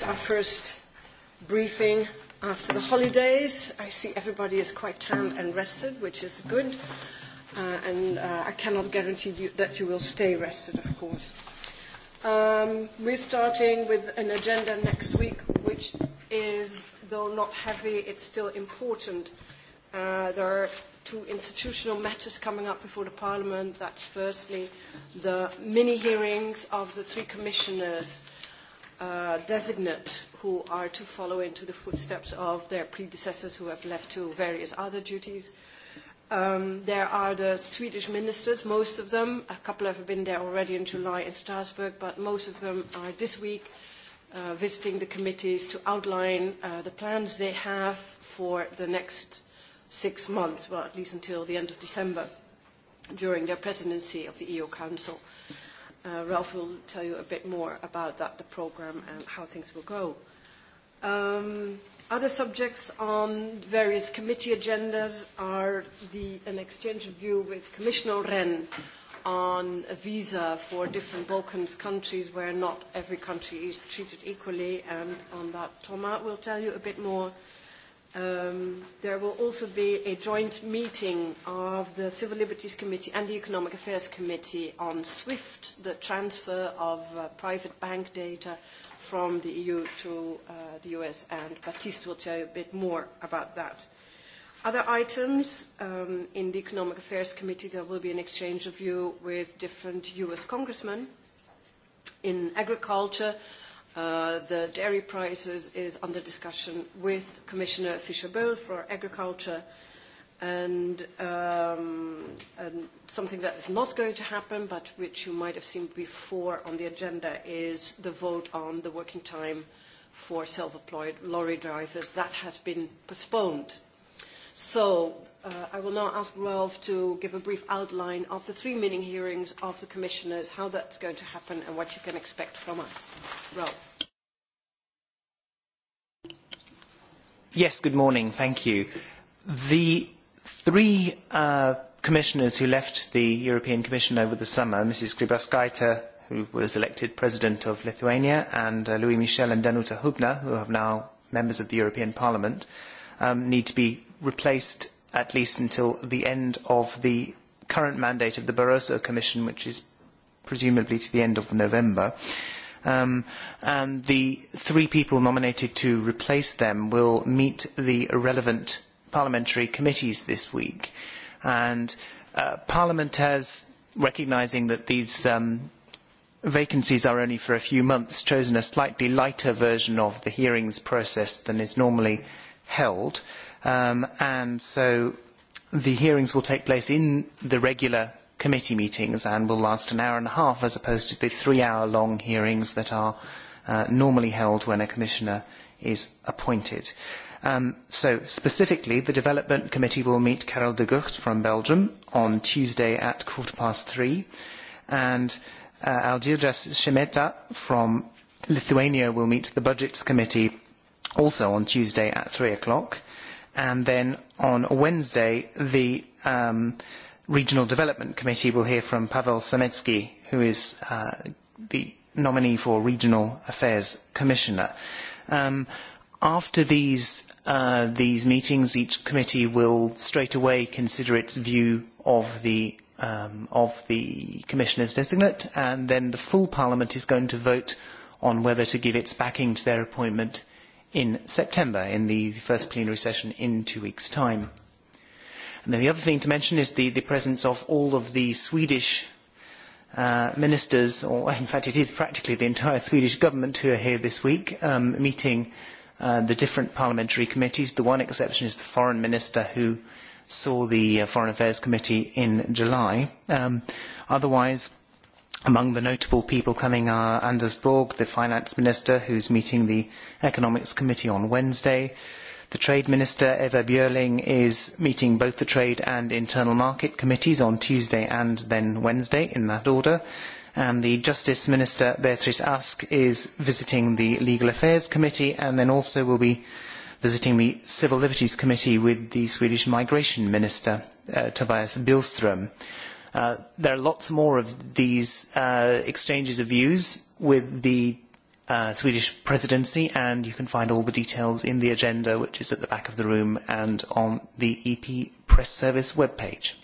It's our first briefing after the holidays. I see everybody is quite tanned and rested, which is good. Uh, and uh, I cannot guarantee you that you will stay rested, of course. Um, we're starting with an agenda next week, which is, though not heavy, it's still important. Uh, there are two institutional matters coming up before the Parliament. That's firstly the mini-hearings of the three commissioners Uh, designate who are to follow into the footsteps of their predecessors who have left to various other duties. Um, there are the Swedish ministers, most of them. A couple have been there already in July in Strasbourg, but most of them are this week uh, visiting the committees to outline uh, the plans they have for the next six months, well, at least until the end of December, during their presidency of the EU Council. Uh, Uh, Ralph will tell you a bit more about that, the program, and how things will go. Um, other subjects on various committee agendas are the, an exchange of view with Commissioner Ren on a visa for different Balkans countries where not every country is treated equally, and on that Thomas will tell you a bit more. Um, there will also be a joint meeting of the Civil Liberties Committee and the Economic Affairs Committee on SWIFT, the transfer of uh, private bank data from the EU to uh, the US, and Baptiste will tell you a bit more about that. Other items um, in the Economic Affairs Committee, there will be an exchange of view with different US congressmen. In agriculture, Uh, the dairy prices is under discussion with Commissioner fisher bill for agriculture and, um, and something that is not going to happen but which you might have seen before on the agenda is the vote on the working time for self-employed lorry drivers. That has been postponed. So Uh, I will now ask Ralph to give a brief outline of the three mini hearings of the commissioners, how that's going to happen and what you can expect from us. Ralph. Yes, good morning. Thank you. The three uh, commissioners who left the European Commission over the summer, Mrs. Grybauskaite, who was elected president of Lithuania, and uh, Louis Michel and Danuta Hubner, who are now members of the European Parliament, um, need to be replaced at least until the end of the current mandate of the Barroso Commission, which is presumably to the end of November. Um, and the three people nominated to replace them will meet the relevant parliamentary committees this week. And uh, Parliament has, recognising that these um, vacancies are only for a few months, chosen a slightly lighter version of the hearings process than is normally held. Um, and so the hearings will take place in the regular committee meetings and will last an hour and a half as opposed to the three-hour-long hearings that are uh, normally held when a commissioner is appointed. Um, so specifically, the Development Committee will meet Carol de Gucht from Belgium on Tuesday at quarter past three, and uh, Algirdas Shemeta from Lithuania will meet the Budgets Committee also on Tuesday at three o'clock And then on Wednesday, the um, Regional Development Committee will hear from Pavel Sametsky, who is uh, the nominee for Regional Affairs Commissioner. Um, after these, uh, these meetings, each committee will straight away consider its view of the, um, of the commissioners designate, and then the full parliament is going to vote on whether to give its backing to their appointment in September, in the first plenary session in two weeks' time. And then the other thing to mention is the, the presence of all of the Swedish uh, ministers, or in fact it is practically the entire Swedish government who are here this week, um, meeting uh, the different parliamentary committees. The one exception is the foreign minister who saw the uh, Foreign Affairs Committee in July. Um, otherwise, Among the notable people coming are Anders Borg, the finance minister, who's meeting the Economics Committee on Wednesday. The trade minister, Eva Björling, is meeting both the trade and internal market committees on Tuesday and then Wednesday, in that order. And the justice minister, Beatrice Ask, is visiting the legal affairs committee and then also will be visiting the civil liberties committee with the Swedish migration minister, uh, Tobias Billström. Uh, there are lots more of these uh, exchanges of views with the uh, Swedish presidency, and you can find all the details in the agenda, which is at the back of the room and on the EP Press Service webpage.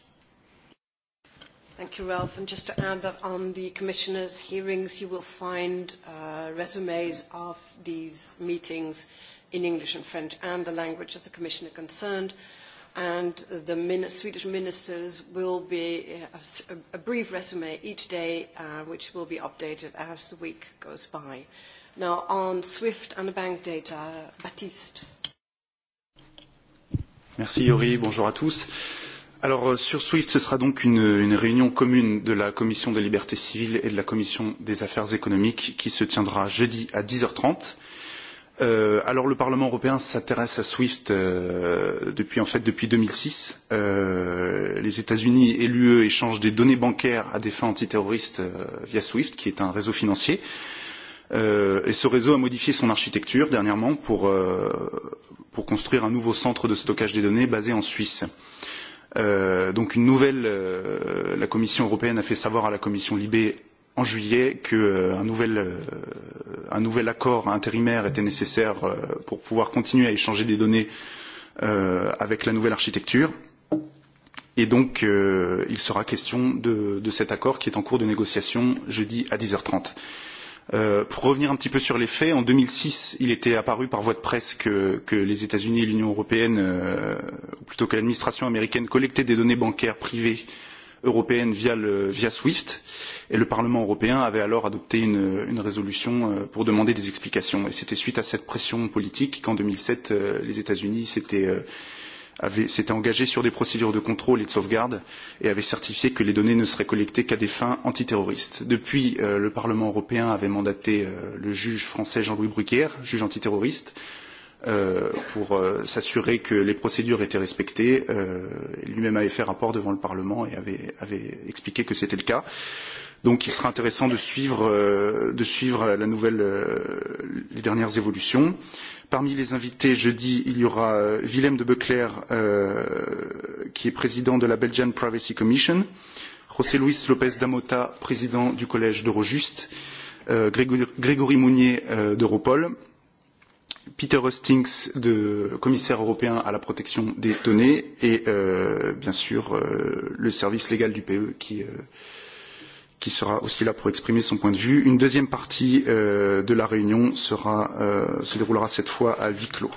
Thank you, Ralph. And just to add that on the commissioners' hearings, you will find uh, resumes of these meetings in English and French and the language of the commissioner concerned and the min Swedish ministers will be a, uh, a brief resume each day, uh, which will be updated as the week goes by. Now, on SWIFT and the bank data, Baptiste. Merci, Yori. Bonjour à tous. Alors euh, sur SWIFT, ce sera donc une, une réunion commune de la Commission des libertés civiles et de la Commission des affaires économiques qui se tiendra jeudi à 10h30. Euh, alors le Parlement européen s'intéresse à SWIFT euh, depuis en fait depuis 2006. Euh, les États-Unis et l'UE échangent des données bancaires à des fins antiterroristes euh, via SWIFT, qui est un réseau financier. Euh, et ce réseau a modifié son architecture dernièrement pour euh, pour construire un nouveau centre de stockage des données basé en Suisse. Euh, donc une nouvelle, euh, la Commission européenne a fait savoir à la Commission Libé en juillet qu'un euh, nouvel euh, un nouvel accord intérimaire était nécessaire euh, pour pouvoir continuer à échanger des données euh, avec la nouvelle architecture. Et donc, euh, il sera question de, de cet accord qui est en cours de négociation jeudi à 10h30. Euh, pour revenir un petit peu sur les faits, en 2006, il était apparu par voie de presse que, que les États-Unis et l'Union européenne, euh, ou plutôt que l'administration américaine, collectaient des données bancaires privées euh, européenne via, le, via SWIFT. Et le Parlement européen avait alors adopté une, une résolution euh, pour demander des explications. Et c'était suite à cette pression politique qu'en 2007, euh, les États-Unis s'étaient euh, avait, s'était engagé sur des procédures de contrôle et de sauvegarde et avait certifié que les données ne seraient collectées qu'à des fins antiterroristes. Depuis, euh, le Parlement européen avait mandaté euh, le juge français Jean-Louis Bruguière, juge antiterroriste, Euh, pour euh, s'assurer que les procédures étaient respectées. Euh, Lui-même avait fait rapport devant le Parlement et avait, avait expliqué que c'était le cas. Donc il sera intéressant de suivre, euh, de suivre la nouvelle, euh, les dernières évolutions. Parmi les invités, jeudi, il y aura euh, Willem de Beclerc, euh, qui est président de la Belgian Privacy Commission, José Luis López Damota, président du collège d'Eurojust, euh, Grégory, Grégory Mounier euh, d'Europol, Peter Hustings, de commissaire européen à la protection des données, et euh, bien sûr euh, le service légal du PE qui, euh, qui sera aussi là pour exprimer son point de vue. Une deuxième partie euh, de la réunion sera, euh, se déroulera cette fois à huis clos.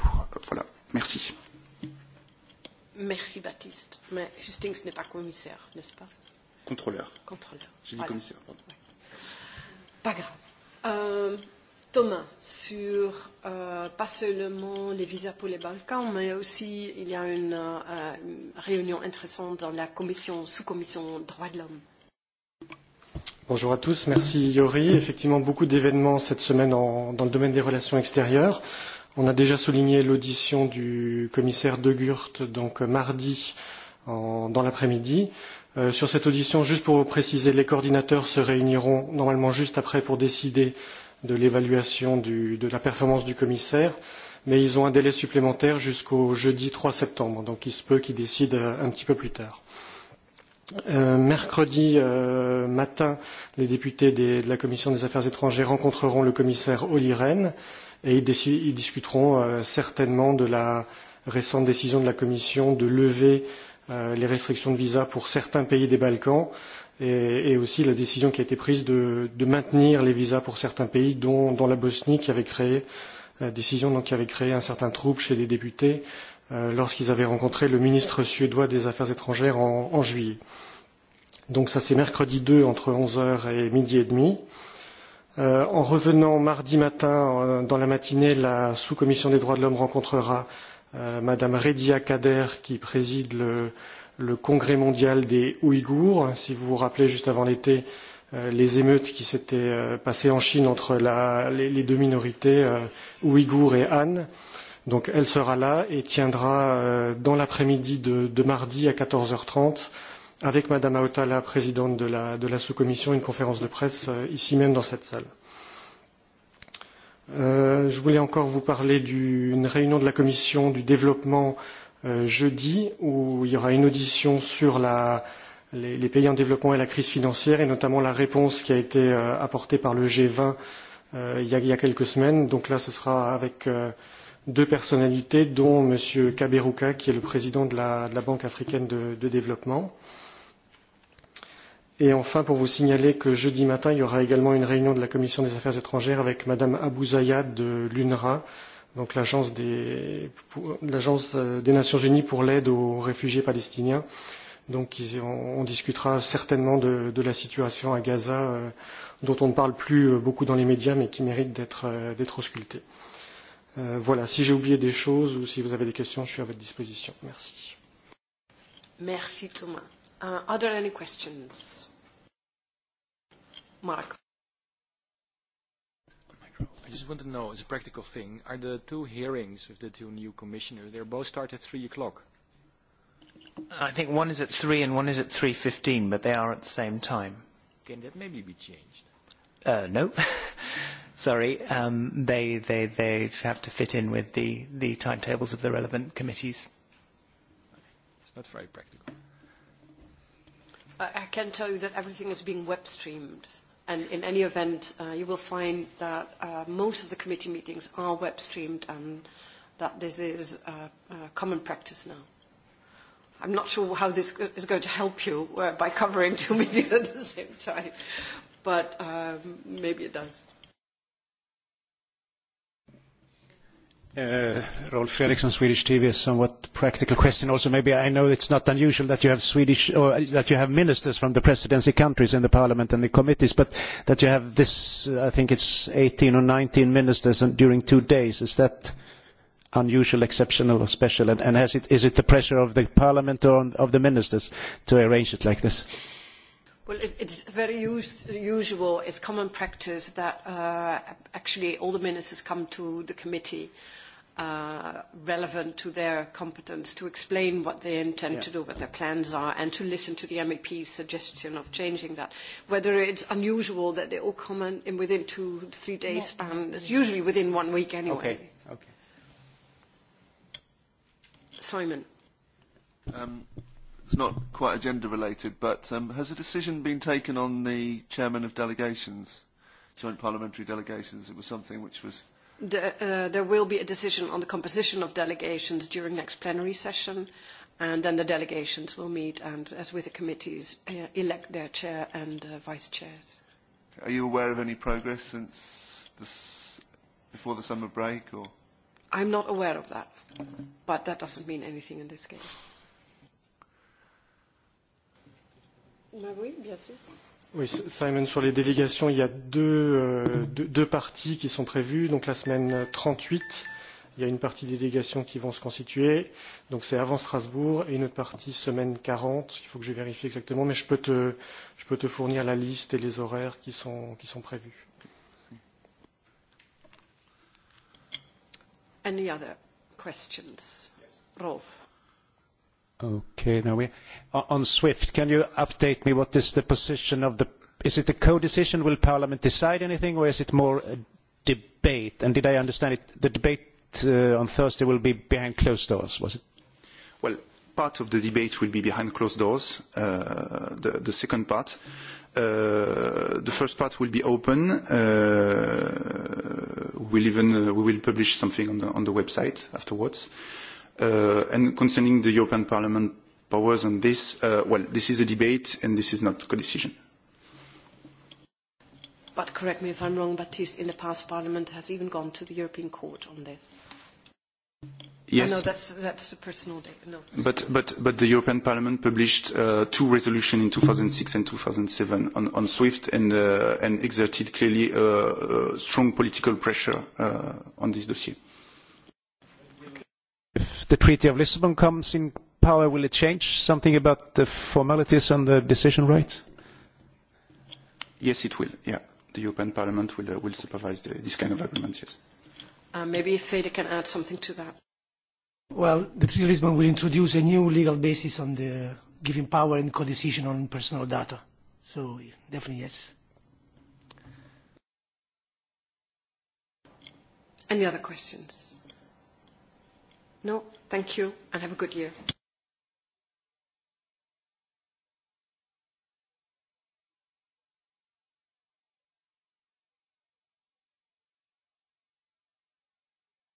Voilà, merci. Merci Baptiste. Mais Hustings n'est pas commissaire, n'est-ce pas Contrôleur. Contrôleur. J'ai dit voilà. commissaire, pardon. Ouais. Pas grave. Euh... Thomas sur euh, pas seulement les visas pour les Balkans, mais aussi il y a une euh, réunion intéressante dans la commission sous-commission droits de l'homme. Bonjour à tous, merci Yori. Effectivement, beaucoup d'événements cette semaine en, dans le domaine des relations extérieures. On a déjà souligné l'audition du commissaire De Gucht, donc mardi en, dans l'après-midi. Euh, sur cette audition, juste pour vous préciser, les coordinateurs se réuniront normalement juste après pour décider de l'évaluation de la performance du commissaire, mais ils ont un délai supplémentaire jusqu'au jeudi 3 septembre, donc il se peut qu'ils décident euh, un petit peu plus tard. Euh, mercredi euh, matin, les députés des, de la Commission des affaires étrangères rencontreront le commissaire Olli Rehn et ils, ils discuteront euh, certainement de la récente décision de la Commission de lever Euh, les restrictions de visa pour certains pays des Balkans et, et aussi la décision qui a été prise de, de maintenir les visas pour certains pays, dont, dont la Bosnie, qui avait créé la euh, décision donc, qui avait créé un certain trouble chez des députés euh, lorsqu'ils avaient rencontré le ministre suédois des Affaires étrangères en, en juillet. Donc ça c'est mercredi 2 entre 11h et midi et demi. Euh, en revenant mardi matin, euh, dans la matinée, la sous-commission des droits de l'homme rencontrera euh, euh, Madame Redia Kader qui préside le, le Congrès mondial des Ouïghours. Si vous vous rappelez, juste avant l'été, euh, les émeutes qui s'étaient euh, passées en Chine entre la, les, les deux minorités, euh, Ouïghours et Han. Donc elle sera là et tiendra euh, dans l'après-midi de, de mardi à 14h30 avec Madame Aotala, présidente de la, de la sous-commission, une conférence de presse euh, ici même dans cette salle. Euh, je voulais encore vous parler d'une réunion de la commission du développement euh, jeudi où il y aura une audition sur la, les, les pays en développement et la crise financière et notamment la réponse qui a été euh, apportée par le G20 euh, il, y a, il y a quelques semaines. Donc là, ce sera avec euh, deux personnalités, dont M. Kaberuka, qui est le président de la, de la Banque africaine de, de développement. Euh, Et enfin, pour vous signaler que jeudi matin, il y aura également une réunion de la Commission des Affaires étrangères avec Madame Zayad de l'UNRWA, donc l'agence des, euh, des Nations Unies pour l'aide aux réfugiés palestiniens. Donc on, on discutera certainement de, de la situation à Gaza, euh, dont on ne parle plus euh, beaucoup dans les médias, mais qui mérite d'être d'être auscultée. Euh, voilà, si j'ai oublié des choses ou si vous avez des questions, je suis à votre disposition. Merci. Merci Thomas. Uh, are there any questions? Mark. I just want to know, as a practical thing, are the two hearings of the two new commissioners, they both start at 3 o'clock? I think one is at 3 and one is at 3.15, but they are at the same time. Can that maybe be changed? Uh, no. Sorry. Um, they, they, they have to fit in with the, the timetables of the relevant committees. It's not very practical. I, I can tell you that everything is being web streamed. And in any event, uh, you will find that uh, most of the committee meetings are web streamed and that this is uh, uh, common practice now. I'm not sure how this is going to help you uh, by covering two meetings at the same time, but um, maybe it does. Uh, Rolf Eriksson, Swedish TV, a somewhat practical question also. Maybe I know it's not unusual that you have Swedish or uh, that you have ministers from the presidency countries in the parliament and the committees, but that you have this, uh, I think it's 18 or 19 ministers during two days. Is that unusual, exceptional or special? And, is it the pressure of the parliament or of the ministers to arrange it like this? Well, it, it's very use, usual. It's common practice that actually all the ministers come to the committee. Uh, relevant to their competence to explain what they intend yeah. to do, what their plans are, and to listen to the MEP's suggestion of changing that. Whether it's unusual that they all come in within two, three days span, it's usually within one week anyway. Okay. okay. Simon. Um, it's not quite agenda related, but um, has a decision been taken on the chairman of delegations, joint parliamentary delegations? It was something which was Uh, there will be a decision on the composition of delegations during next plenary session, and then the delegations will meet and, as with the committees, uh, elect their chair and uh, vice chairs. Are you aware of any progress since this, before the summer break? Or? I'm not aware of that, but that doesn't mean anything in this case. Oui, bien sûr. Oui, Simon, sur les délégations, il y a deux, euh, deux, deux parties qui sont prévues. Donc la semaine 38, il y a une partie des délégations qui vont se constituer. Donc c'est avant Strasbourg et une autre partie semaine 40. Il faut que je vérifie exactement, mais je peux te, je peux te fournir la liste et les horaires qui sont, qui sont prévus. Any other questions? Yes. Rolf. Okay. Now on SWIFT, can you update me what is the position of the? Is it a co-decision? Will Parliament decide anything, or is it more a debate? And did I understand it, the debate uh, on Thursday will be behind closed doors, was it? Well, part of the debate will be behind closed doors, uh, the, the second part. Uh, the first part will be open. Uh, we'll even, uh, we will publish something on the, on the website afterwards. Uh, Uh, and concerning the European Parliament powers on this, uh, well, this is a debate and this is not co-decision. But correct me if I'm wrong, Baptiste, in the past Parliament has even gone to the European Court on this. Yes. I know that's, that's a personal data. No. But, but, but the European Parliament published uh, two resolutions in 2006 and 2007 on, on SWIFT and, uh, and exerted clearly uh, uh, strong political pressure uh, on this dossier the Treaty of Lisbon comes in power, will it change something about the formalities and the decision rights? Yes, it will. Yeah, the European Parliament will uh, will supervise the, this kind of agreements. Yes. Uh, maybe Fede can add something to that. Well, the Treaty of Lisbon will introduce a new legal basis on the giving power and co-decision on personal data. So definitely yes. Any other questions? No, thank you and have a good year.